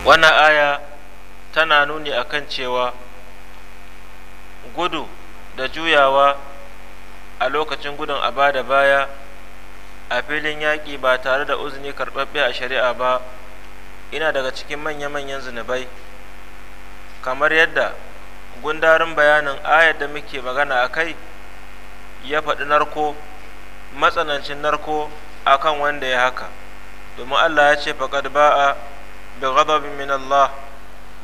wannan aya tana nuni akan cewa gudu da juyawa a lokacin gudun a ba da baya a filin yaƙi ba tare da uzini karɓaɓɓe a shari'a ba ina daga cikin manya-manyan zunubai kamar yadda gundarin bayanin ayar da muke magana a kai ya faɗi narko matsanancin narko akan wanda ya haka domin allah ya ce faƙad ba'a bi ghadabin min Allah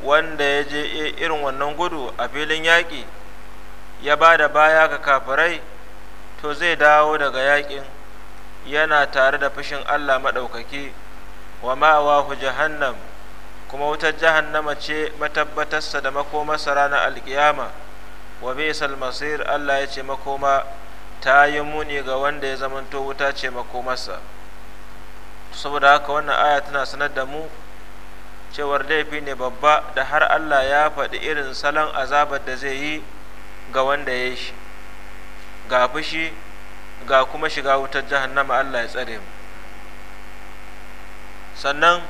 wanda ya je irin wannan gudu a filin yaƙi ya ba da baya ga kafirai to zai dawo daga yaƙin yana tare da fushin Allah maɗaukaki wa ma'awahu jahannam kuma wutar jahannama ce matabbatarsa da makomarsa ranar alkiyama wa bisal masir Allah ya ce makoma ta yi muni ga wanda ya zamanto wuta ce makomarsa saboda haka wannan aya tana sanar da mu cewar laifi ne babba da har Allah ya faɗi irin salon azabar da zai yi ga wanda ya shi ga fushi ga kuma shiga wutar jahannama Allah ya tsare mu sannan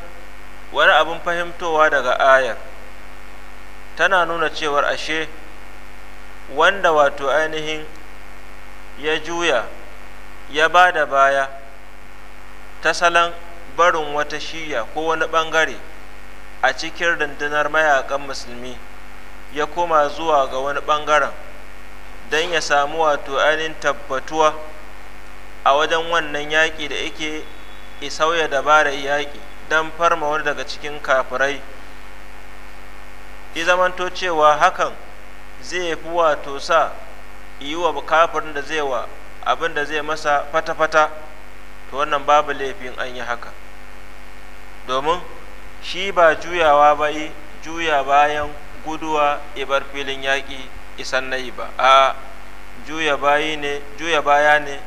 wani abin fahimtowa daga ayar tana nuna cewar ashe wanda wato ainihin ya juya ya ba da baya ta salon barin wata shiya ko wani bangare. a cikin rundunar mayakan musulmi ya koma zuwa ga wani bangaren don ya samu wato ainihin tabbatuwa a wajen wannan yaƙi da yake isauya dabarar yaƙi don farma wani daga cikin kafirai i zamanto cewa hakan zai fi wato sa yi wa kafirin da zai wa abin da zai masa fata-fata to wannan babu laifin an yi haka domin shi ba juyawa ba yi juya bayan guduwa ibar filin yaƙi isan yi ba a juya bayi ne juya baya ne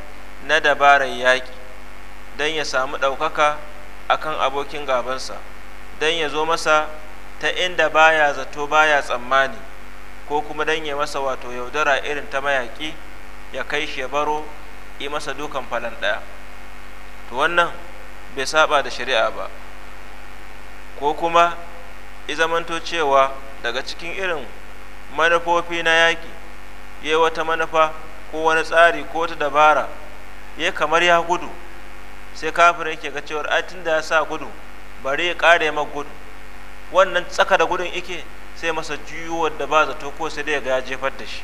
na dabarar yaƙi don ya samu ɗaukaka akan abokin gabansa don ya zo masa ta inda baya zato baya tsammani ko kuma don ya masa wato yaudara irin ta mayaƙi ya kai shi ya baro yi masa dukan falan ɗaya to wannan bai saba da shari'a ba ko kuma i zamanto cewa daga cikin irin manufofi na yaƙi ya wata manufa ko wani tsari ko ta dabara ya kamar ya gudu sai kafin ke ga cewar atin da ya sa gudu bari ya ƙare ya gudu wannan tsaka da gudun ike sai masa juyuwar da ba zato ko sai dai ga ya jefar da shi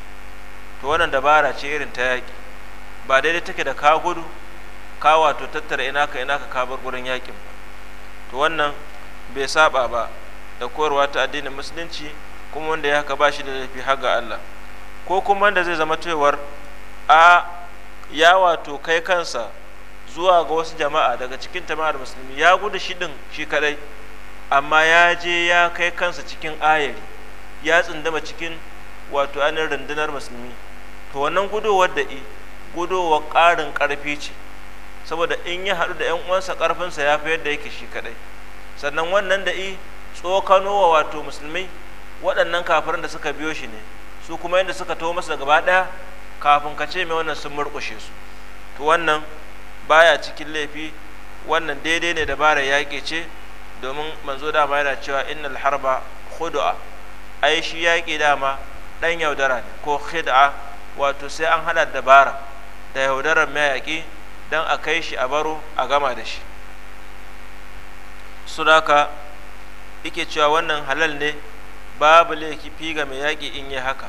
to wannan dabara ce irin ta yaƙi ba daidai take da ka gudu ka wato tattara ina ka ina ka kabar gurin yaƙin ba to wannan bai saba ba da koyarwa ta addinin musulunci kuma wanda ya haka ba shi da laifi har ga Allah ko kuma wanda zai zama cewar a ya wato kai kansa zuwa ga wasu jama'a daga cikin jama'ar musulmi ya gudu shi din shi kadai amma ya je ya kai kansa cikin ayari ya tsindama cikin wato ainihin rundunar musulmi to wannan gudowar da i gudowar ƙarin ƙarfi ce saboda in ya haɗu da 'yan uwansa ƙarfinsa ya fi yadda yake shi kadai sannan wannan da i tsokano wa wato musulmai waɗannan kafirin da suka biyo shi ne su kuma yadda suka taho masa gaba ɗaya kafin ka ce mai wannan sun murƙushe su to wannan baya cikin laifi wannan daidai ne dabarar yaƙi ce domin manzo dama yana cewa innal harba khudu'a ai shi yaƙi dama ɗan yaudara ne ko khid'a wato sai an haɗa dabara da yaudarar mayaƙi don a kai shi a baro a gama da shi suraka yake cewa wannan halal ne babu laifi ga mai yaƙi in yi haka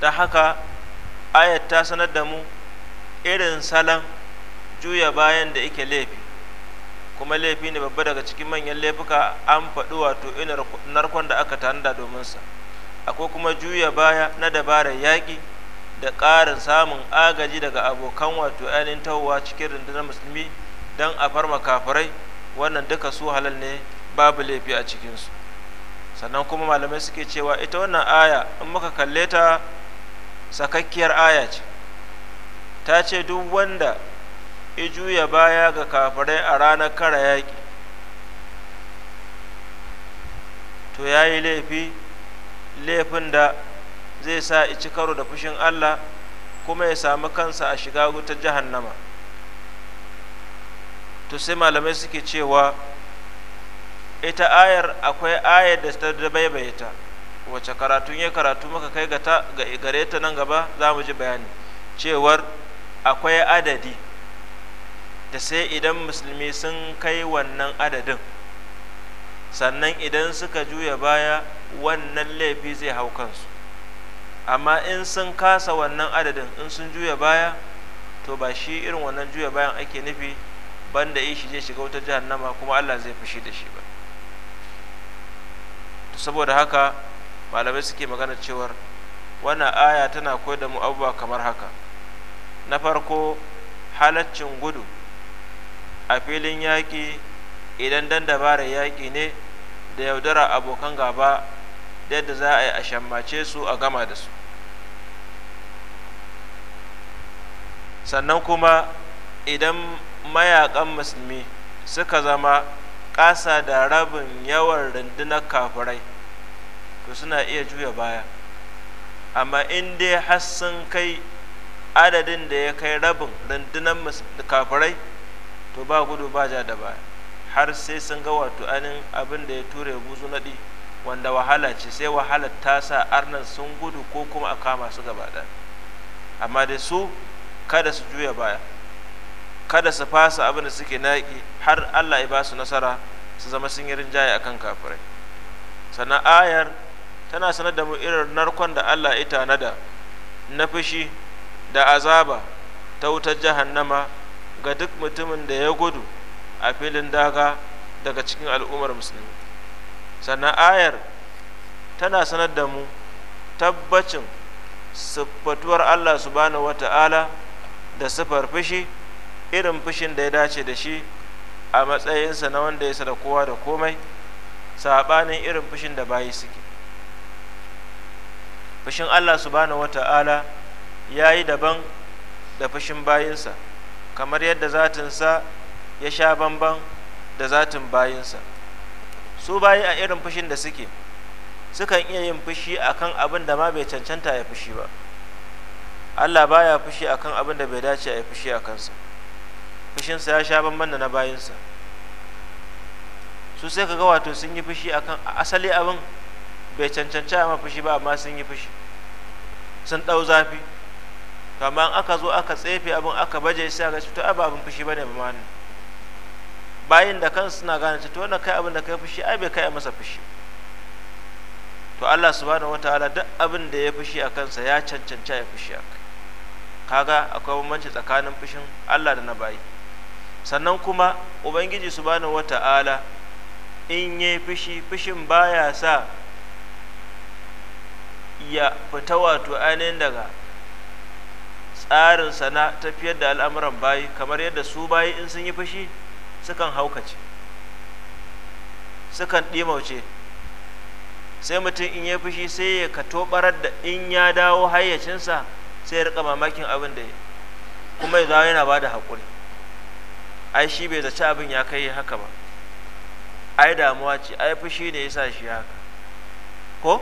ta haka ayat ta sanar da mu irin salon juya bayan da yake laifi kuma laifi ne babba daga cikin manyan laifuka an faɗi wato ina narkon da aka tanada domin sa akwai kuma juya baya na dabarar yaƙi da ƙarin samun agaji daga abokan wato ainihin tahowa cikin rundunar musulmi don a farma kafirai wannan duka su halal ne babu laifi a cikinsu sannan kuma malamai suke cewa ita wannan aya in muka kalle ta sakakkiyar aya ce ta ce duk wanda ya baya ga kafirai a ranar kara yaƙi to ya yi laifi laifin da zai sa ici karo da fushin allah kuma ya sami kansa a shiga wutar jahannama. nama to sai malamai suke cewa ita ayar akwai ayar da ta dabaibaye ta wace karatun ya karatu maka kai ga gare ta nan gaba za mu ji bayani cewar akwai adadi da sai idan musulmi sun kai wannan adadin sannan idan suka juya baya wannan laifi zai hau kansu amma in sun kasa wannan adadin in sun juya baya to ba shi irin wannan juya bayan ake nufi banda yin shi zai shiga wata jahannama kuma Allah zai fushi da shi ba saboda haka malamai suke magana cewar wannan aya tana koyar da mu abubuwa kamar haka na farko halaccin gudu a filin yaƙi idan dan dabarar yaƙi ne da yaudara abokan gaba da yadda za a yi a shammace su a gama da su sannan kuma idan mayakan musulmi suka zama ƙasa da rabin yawan rundunar kafirai to suna iya juya baya amma in dai har sun kai adadin da ya kai rabin rundunar kafirai to ba gudu ba ja da baya har sai sun ga wato anin abin da ya ture buzu naɗi wanda wahala ce sai wahala ta sa arnan sun gudu ko kuma a kama su gaba amma da su kada su juya baya kada su fasa abin da suke naƙi har Allah ya ba su nasara su zama sun yi rinjaye akan kafirai sannan ayar tana sanar da mu irin narkon da Allah ya tanada na fushi da azaba ta wutar jahannama ga duk mutumin da ya gudu a filin daga daga cikin al'ummar musulmi sannan ayar tana sanar da mu tabbacin siffatuwar Allah subhanahu wata'ala da siffar fushi irin fushin da ya dace da shi a matsayinsa na wanda ya da kowa da komai saɓanin irin fushin da bayi suke fushin allah subhanahu wata'ala ya yi daban da fushin bayinsa kamar yadda zatinsa ya sha bamban da zatin bayinsa su bayi a irin fushin da suke sukan iya yin fushi a kan abin da ma bai cancanta ya fushi ba allah baya fushi a kan abin da bai dace a yi fushi a kansa fushinsa ya sha bamban da na bayinsa su sai ka ga wato sun yi fushi akan asali abin bai cancanci a fushi ba amma sun yi fushi sun ɗau zafi to amma in aka zo aka tsefe abin aka baje sai ga to ai ba abin fushi bane ba ma bayin da kansu suna gane to wannan kai abin da kai fushi ai bai kai a masa fushi to Allah subhanahu wataala duk abin da ya fushi a kansa ya cancanci ya fushi a kai kaga akwai bambanci tsakanin fushin Allah da na bayi sannan kuma ubangiji subhanahu wata'ala in yi fishi fishin baya sa ya fita wato ainihin daga tsarinsa na tafiyar da al'amuran bayi kamar yadda su bayi in sun yi fushi sukan haukace sukan ɗimauce sai mutum in ya fushi sai ya kato barar da in ya dawo hayyacinsa sai ya rika mamakin abin da ya kuma ya zawo yana ba da haƙuri ai shi bai zaci abin ya kai haka ba ai damuwa ce ai fushi ne yasa shi haka ko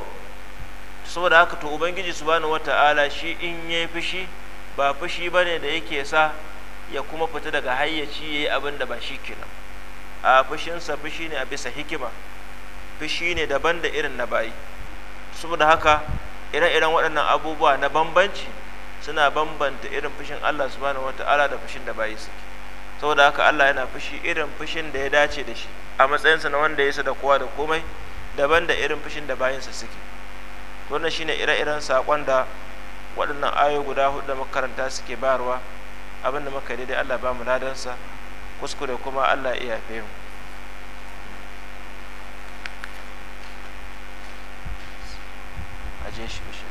saboda haka to ubangiji subhanahu wata'ala shi in yayi fushi ba fushi bane da yake sa ya kuma fita daga hayyaci yayi abin da ba shi kenan a fushinsa fushi ne a bisa hikima fushi ne daban da irin na bayi saboda haka ire-iren waɗannan abubuwa na bambanci suna bambanta irin fushin Allah subhanahu wata'ala da fushin da bayi suke saboda haka Allah yana fushi irin fushin da ya dace da shi a matsayinsa na wanda ya sa da kowa da komai daban da irin fushin da bayansa suke wannan shine ire-iren saƙon da waɗannan ayo guda hudu da makaranta suke bayarwa abin da muka daidai Allah ba mu ladansa kuskure kuma Allah iya mu aje shi